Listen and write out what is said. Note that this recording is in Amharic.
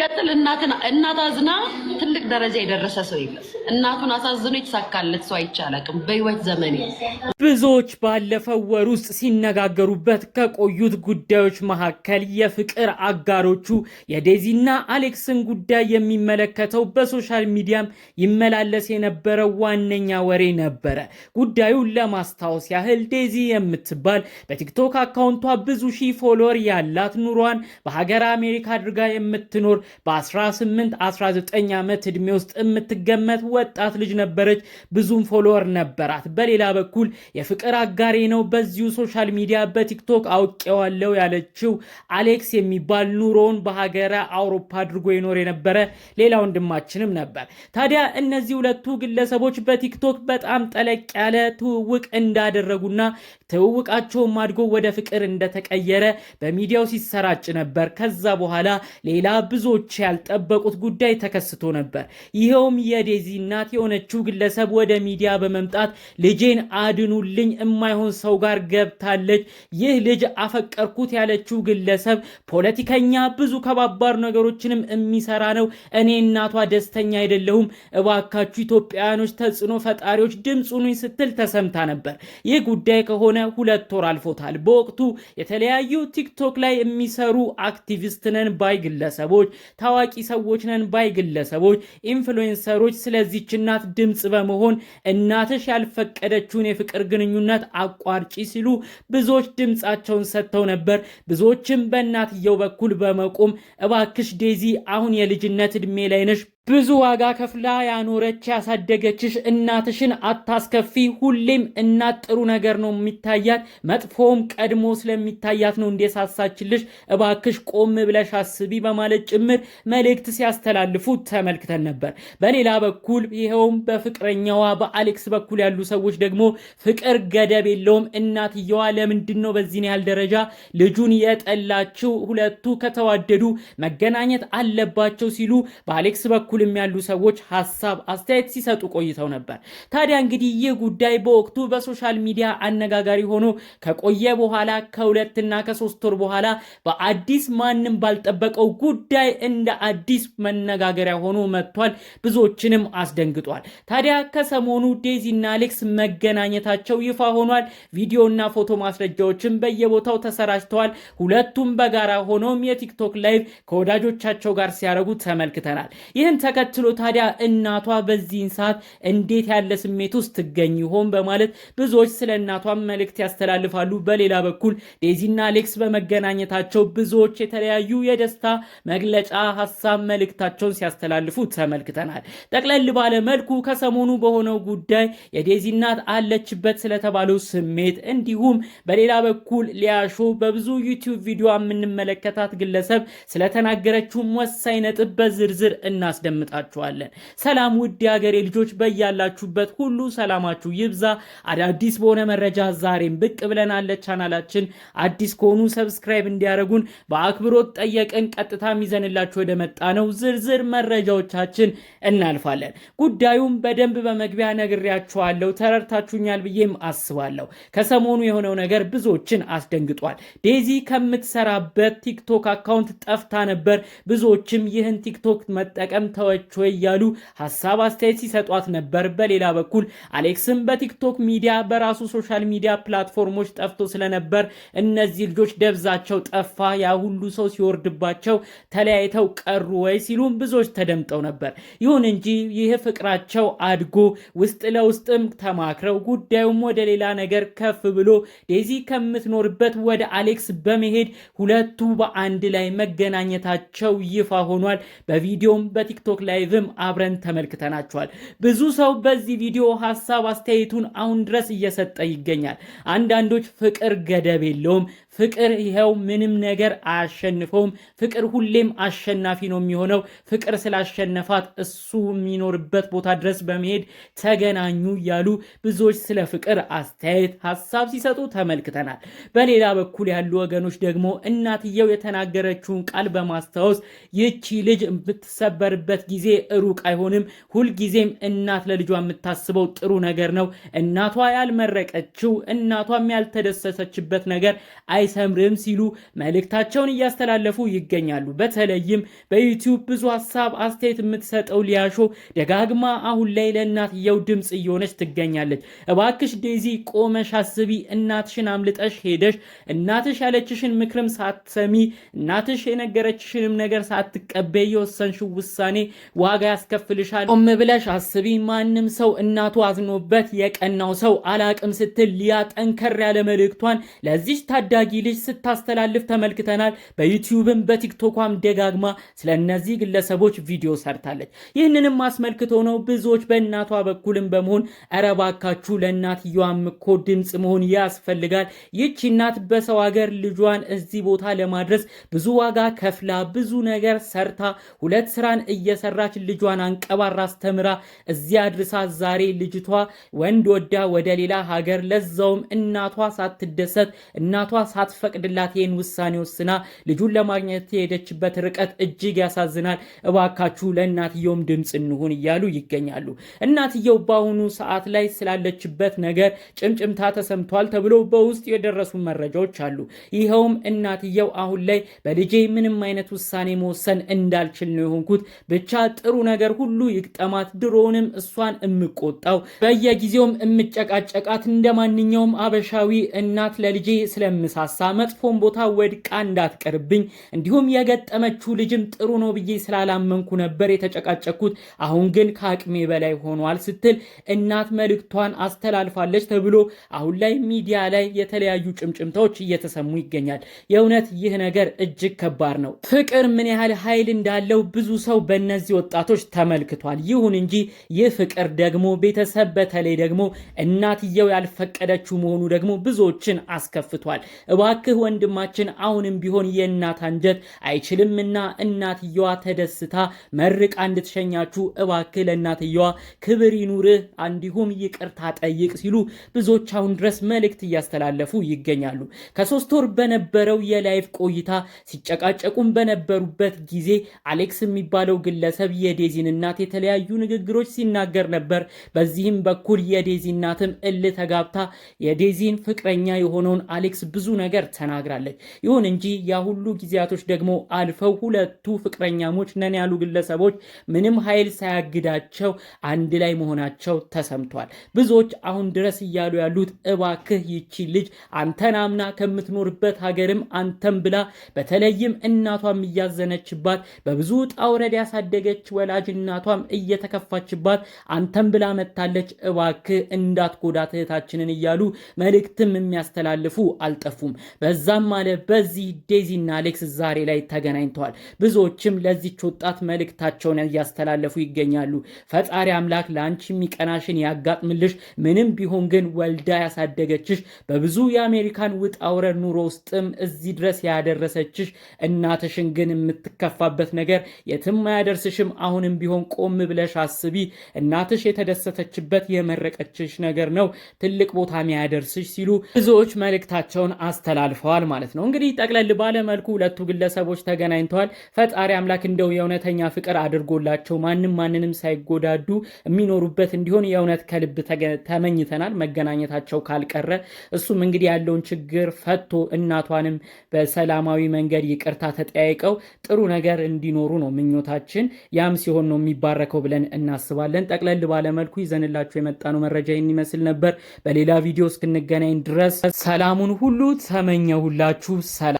ሲቀጥል እናት አዝና ትልቅ ደረጃ የደረሰ ሰው የለም። እናቱን አሳዝኖ የተሳካለት ሰው አይቻላቅም በህይወት ዘመኔ። ብዙዎች ባለፈው ወር ውስጥ ሲነጋገሩበት ከቆዩት ጉዳዮች መካከል የፍቅር አጋሮቹ የዴዚና አሌክስን ጉዳይ የሚመለከተው በሶሻል ሚዲያም ይመላለስ የነበረው ዋነኛ ወሬ ነበረ። ጉዳዩን ለማስታወስ ያህል ዴዚ የምትባል በቲክቶክ አካውንቷ ብዙ ሺህ ፎሎወር ያላት ኑሯን በሀገር አሜሪካ አድርጋ የምትኖር በ18 19 ዓመት ዕድሜ ውስጥ የምትገመት ወጣት ልጅ ነበረች። ብዙም ፎሎወር ነበራት። በሌላ በኩል የፍቅር አጋሬ ነው በዚሁ ሶሻል ሚዲያ በቲክቶክ አውቄዋለሁ ያለችው አሌክስ የሚባል ኑሮውን በሀገረ አውሮፓ አድርጎ ይኖር የነበረ ሌላ ወንድማችንም ነበር። ታዲያ እነዚህ ሁለቱ ግለሰቦች በቲክቶክ በጣም ጠለቅ ያለ ትውውቅ እንዳደረጉና ትውውቃቸውን አድጎ ወደ ፍቅር እንደተቀየረ በሚዲያው ሲሰራጭ ነበር። ከዛ በኋላ ሌላ ብዙ ብዙዎች ያልጠበቁት ጉዳይ ተከስቶ ነበር። ይኸውም የዴዚ እናት የሆነችው ግለሰብ ወደ ሚዲያ በመምጣት ልጄን አድኑልኝ፣ እማይሆን ሰው ጋር ገብታለች። ይህ ልጅ አፈቀርኩት ያለችው ግለሰብ ፖለቲከኛ፣ ብዙ ከባባር ነገሮችንም የሚሰራ ነው። እኔ እናቷ ደስተኛ አይደለሁም። እባካችሁ ኢትዮጵያውያኖች፣ ተጽዕኖ ፈጣሪዎች ድምፁኑኝ ስትል ተሰምታ ነበር። ይህ ጉዳይ ከሆነ ሁለት ወር አልፎታል። በወቅቱ የተለያዩ ቲክቶክ ላይ የሚሰሩ አክቲቪስት ነን ባይ ግለሰቦች ታዋቂ ሰዎች ነን ባይ ግለሰቦች፣ ኢንፍሉዌንሰሮች ስለዚች እናት ድምፅ በመሆን እናትሽ ያልፈቀደችውን የፍቅር ግንኙነት አቋርጪ ሲሉ ብዙዎች ድምፃቸውን ሰጥተው ነበር። ብዙዎችም በእናትየው በኩል በመቆም እባክሽ ዴዚ አሁን የልጅነት ዕድሜ ላይ ነሽ ብዙ ዋጋ ከፍላ ያኖረች ያሳደገችሽ እናትሽን አታስከፊ። ሁሌም እናት ጥሩ ነገር ነው የሚታያት፣ መጥፎም ቀድሞ ስለሚታያት ነው እንደ ሳሳችልሽ። እባክሽ ቆም ብለሽ አስቢ በማለት ጭምር መልእክት ሲያስተላልፉ ተመልክተን ነበር። በሌላ በኩል ይኸውም በፍቅረኛዋ በአሌክስ በኩል ያሉ ሰዎች ደግሞ ፍቅር ገደብ የለውም፣ እናትየዋ ለምንድን ነው በዚህን ያህል ደረጃ ልጁን የጠላችው? ሁለቱ ከተዋደዱ መገናኘት አለባቸው ሲሉ በአሌክስ በኩል በኩልም ያሉ ሰዎች ሀሳብ አስተያየት ሲሰጡ ቆይተው ነበር። ታዲያ እንግዲህ ይህ ጉዳይ በወቅቱ በሶሻል ሚዲያ አነጋጋሪ ሆኖ ከቆየ በኋላ ከሁለትና ከሶስት ወር በኋላ በአዲስ ማንም ባልጠበቀው ጉዳይ እንደ አዲስ መነጋገሪያ ሆኖ መጥቷል። ብዙዎችንም አስደንግጧል። ታዲያ ከሰሞኑ ዴዚና አሌክስ መገናኘታቸው ይፋ ሆኗል። ቪዲዮና ፎቶ ማስረጃዎችን በየቦታው ተሰራጭተዋል። ሁለቱም በጋራ ሆኖም የቲክቶክ ላይቭ ከወዳጆቻቸው ጋር ሲያደርጉ ተመልክተናል። ይህን ተከትሎ ታዲያ እናቷ በዚህን ሰዓት እንዴት ያለ ስሜት ውስጥ ትገኝ ይሆን በማለት ብዙዎች ስለ እናቷ መልእክት ያስተላልፋሉ። በሌላ በኩል ዴዚና አሌክስ በመገናኘታቸው ብዙዎች የተለያዩ የደስታ መግለጫ ሀሳብ መልእክታቸውን ሲያስተላልፉ ተመልክተናል። ጠቅለል ባለ መልኩ ከሰሞኑ በሆነው ጉዳይ የዴዚ እናት አለችበት ስለተባለው ስሜት እንዲሁም በሌላ በኩል ሊያሾ በብዙ ዩቲዩብ ቪዲዮ የምንመለከታት ግለሰብ ስለተናገረችው ወሳኝ ነጥብ በዝርዝር እናስደምጣል። እናስደምጣችኋለን። ሰላም ውድ የሀገሬ ልጆች፣ በያላችሁበት ሁሉ ሰላማችሁ ይብዛ። አዳዲስ በሆነ መረጃ ዛሬም ብቅ ብለናል። ቻናላችን አዲስ ከሆኑ ሰብስክራይብ እንዲያደርጉን በአክብሮት ጠየቅን። ቀጥታ ይዘንላችሁ ወደ መጣ ነው ዝርዝር መረጃዎቻችን እናልፋለን። ጉዳዩም በደንብ በመግቢያ ነግሬያችኋለሁ፣ ተረድታችሁኛል ብዬም አስባለሁ። ከሰሞኑ የሆነው ነገር ብዙዎችን አስደንግጧል። ዴዚ ከምትሰራበት ቲክቶክ አካውንት ጠፍታ ነበር። ብዙዎችም ይህን ቲክቶክ መጠቀም ተወች ወይ እያሉ ሀሳብ አስተያየት ሲሰጧት ነበር። በሌላ በኩል አሌክስም በቲክቶክ ሚዲያ በራሱ ሶሻል ሚዲያ ፕላትፎርሞች ጠፍቶ ስለነበር እነዚህ ልጆች ደብዛቸው ጠፋ፣ ያ ሁሉ ሰው ሲወርድባቸው ተለያይተው ቀሩ ወይ ሲሉም ብዙዎች ተደምጠው ነበር። ይሁን እንጂ ይህ ፍቅራቸው አድጎ ውስጥ ለውስጥም ተማክረው ጉዳዩም ወደ ሌላ ነገር ከፍ ብሎ ዴዚ ከምትኖርበት ወደ አሌክስ በመሄድ ሁለቱ በአንድ ላይ መገናኘታቸው ይፋ ሆኗል። በቪዲዮም በቲክቶክ ቲክቶክ ላይቭም አብረን ተመልክተናቸዋል። ብዙ ሰው በዚህ ቪዲዮ ሀሳብ አስተያየቱን አሁን ድረስ እየሰጠ ይገኛል። አንዳንዶች ፍቅር ገደብ የለውም ፍቅር ይኸው ምንም ነገር አያሸንፈውም። ፍቅር ሁሌም አሸናፊ ነው የሚሆነው። ፍቅር ስላሸነፋት እሱ የሚኖርበት ቦታ ድረስ በመሄድ ተገናኙ እያሉ ብዙዎች ስለ ፍቅር አስተያየት፣ ሀሳብ ሲሰጡ ተመልክተናል። በሌላ በኩል ያሉ ወገኖች ደግሞ እናትየው የተናገረችውን ቃል በማስታወስ ይቺ ልጅ የምትሰበርበት ጊዜ ሩቅ አይሆንም፣ ሁልጊዜም እናት ለልጇ የምታስበው ጥሩ ነገር ነው። እናቷ ያልመረቀችው እናቷም ያልተደሰሰችበት ነገር አይ አይሰምርም ሲሉ መልእክታቸውን እያስተላለፉ ይገኛሉ። በተለይም በዩቲዩብ ብዙ ሀሳብ አስተያየት የምትሰጠው ሊያሾ ደጋግማ አሁን ላይ ለእናትየው ድምፅ እየሆነች ትገኛለች። እባክሽ ዴዚ ቆመሽ አስቢ፣ እናትሽን አምልጠሽ ሄደሽ እናትሽ ያለችሽን ምክርም ሳትሰሚ እናትሽ የነገረችሽንም ነገር ሳትቀበይ የወሰንሽው ውሳኔ ዋጋ ያስከፍልሻል። ቆም ብለሽ አስቢ። ማንም ሰው እናቱ አዝኖበት የቀናው ሰው አላቅም ስትል ሊያ ጠንከር ያለ መልእክቷን ለዚች ታዳጊ ልጅ ስታስተላልፍ ተመልክተናል። በዩቲዩብም በቲክቶኳም ደጋግማ ስለ እነዚህ ግለሰቦች ቪዲዮ ሰርታለች። ይህንንም አስመልክቶ ነው ብዙዎች በእናቷ በኩልም በመሆን እረ ባካችሁ ለእናትየዋም እኮ ድምፅ መሆን ያስፈልጋል። ይቺ እናት በሰው ሀገር ልጇን እዚህ ቦታ ለማድረስ ብዙ ዋጋ ከፍላ ብዙ ነገር ሰርታ ሁለት ስራን እየሰራች ልጇን አንቀባራ አስተምራ እዚያ አድርሳ ዛሬ ልጅቷ ወንድ ወዳ ወደ ሌላ ሀገር ለዛውም እናቷ ሳትደሰት እናቷ ሳ ሳትፈቅድላት ይህን ውሳኔ ወስና ልጁን ለማግኘት የሄደችበት ርቀት እጅግ ያሳዝናል። እባካችሁ ለእናትየውም ድምፅ እንሁን እያሉ ይገኛሉ። እናትየው በአሁኑ ሰዓት ላይ ስላለችበት ነገር ጭምጭምታ ተሰምቷል ተብሎ በውስጥ የደረሱ መረጃዎች አሉ። ይኸውም እናትየው አሁን ላይ በልጄ ምንም አይነት ውሳኔ መወሰን እንዳልችል ነው የሆንኩት። ብቻ ጥሩ ነገር ሁሉ ይግጠማት፣ ድሮውንም እሷን እምቆጣው በየጊዜውም እምጨቃጨቃት እንደ ማንኛውም አበሻዊ እናት ለልጄ ስለምሳ እንዳትሳሳ፣ መጥፎን ቦታ ወድቃ እንዳትቀርብኝ፣ እንዲሁም የገጠመችው ልጅም ጥሩ ነው ብዬ ስላላመንኩ ነበር የተጨቃጨኩት። አሁን ግን ከአቅሜ በላይ ሆኗል ስትል እናት መልእክቷን አስተላልፋለች ተብሎ አሁን ላይ ሚዲያ ላይ የተለያዩ ጭምጭምታዎች እየተሰሙ ይገኛል። የእውነት ይህ ነገር እጅግ ከባድ ነው። ፍቅር ምን ያህል ኃይል እንዳለው ብዙ ሰው በእነዚህ ወጣቶች ተመልክቷል። ይሁን እንጂ ይህ ፍቅር ደግሞ ቤተሰብ በተለይ ደግሞ እናትየው ያልፈቀደችው መሆኑ ደግሞ ብዙዎችን አስከፍቷል። እባክህ ወንድማችን አሁንም ቢሆን የእናት አንጀት አይችልምና እናትየዋ ተደስታ መርቃ እንድትሸኛችሁ እባክህ ለእናትየዋ ክብር ይኑርህ፣ እንዲሁም ይቅርታ ጠይቅ ሲሉ ብዙዎች አሁን ድረስ መልእክት እያስተላለፉ ይገኛሉ። ከሶስት ወር በነበረው የላይቭ ቆይታ ሲጨቃጨቁም በነበሩበት ጊዜ አሌክስ የሚባለው ግለሰብ የዴዚን እናት የተለያዩ ንግግሮች ሲናገር ነበር። በዚህም በኩል የዴዚ እናትም እልህ ተጋብታ የዴዚን ፍቅረኛ የሆነውን አሌክስ ብዙ ነገር ነገር ተናግራለች። ይሁን እንጂ ያ ሁሉ ጊዜያቶች ደግሞ አልፈው ሁለቱ ፍቅረኛሞች ነን ያሉ ግለሰቦች ምንም ኃይል ሳያግዳቸው አንድ ላይ መሆናቸው ተሰምቷል። ብዙዎች አሁን ድረስ እያሉ ያሉት እባክህ ይቺ ልጅ አንተን አምና ከምትኖርበት ሀገርም አንተን ብላ በተለይም እናቷም እያዘነችባት በብዙ ጣውረድ ያሳደገች ወላጅ እናቷም እየተከፋችባት አንተን ብላ መታለች፣ እባክህ እንዳትጎዳት እህታችንን እያሉ መልእክትም የሚያስተላልፉ አልጠፉም። በዛም አለ በዚህ ዴዚና አሌክስ ዛሬ ላይ ተገናኝተዋል። ብዙዎችም ለዚች ወጣት መልእክታቸውን እያስተላለፉ ይገኛሉ። ፈጣሪ አምላክ ለአንቺ የሚቀናሽን ያጋጥምልሽ። ምንም ቢሆን ግን ወልዳ ያሳደገችሽ በብዙ የአሜሪካን ውጣውረ ኑሮ ውስጥም እዚህ ድረስ ያደረሰችሽ እናትሽን ግን የምትከፋበት ነገር የትም አያደርስሽም። አሁንም ቢሆን ቆም ብለሽ አስቢ። እናትሽ የተደሰተችበት የመረቀችሽ ነገር ነው ትልቅ ቦታ ሚያደርስሽ ሲሉ ብዙዎች መልእክታቸውን አስተ አስተላልፈዋል ማለት ነው። እንግዲህ ጠቅለል ባለ መልኩ ሁለቱ ግለሰቦች ተገናኝተዋል። ፈጣሪ አምላክ እንደው የእውነተኛ ፍቅር አድርጎላቸው ማንም ማንንም ሳይጎዳዱ የሚኖሩበት እንዲሆን የእውነት ከልብ ተመኝተናል። መገናኘታቸው ካልቀረ እሱም እንግዲህ ያለውን ችግር ፈቶ እናቷንም በሰላማዊ መንገድ ይቅርታ ተጠያይቀው ጥሩ ነገር እንዲኖሩ ነው ምኞታችን። ያም ሲሆን ነው የሚባረከው ብለን እናስባለን። ጠቅለል ባለመልኩ ይዘንላቸው የመጣነው መረጃ ይህን ይመስል ነበር። በሌላ ቪዲዮ እስክንገናኝ ድረስ ሰላሙን ሁሉ ተመኘሁላችሁ። ሰላም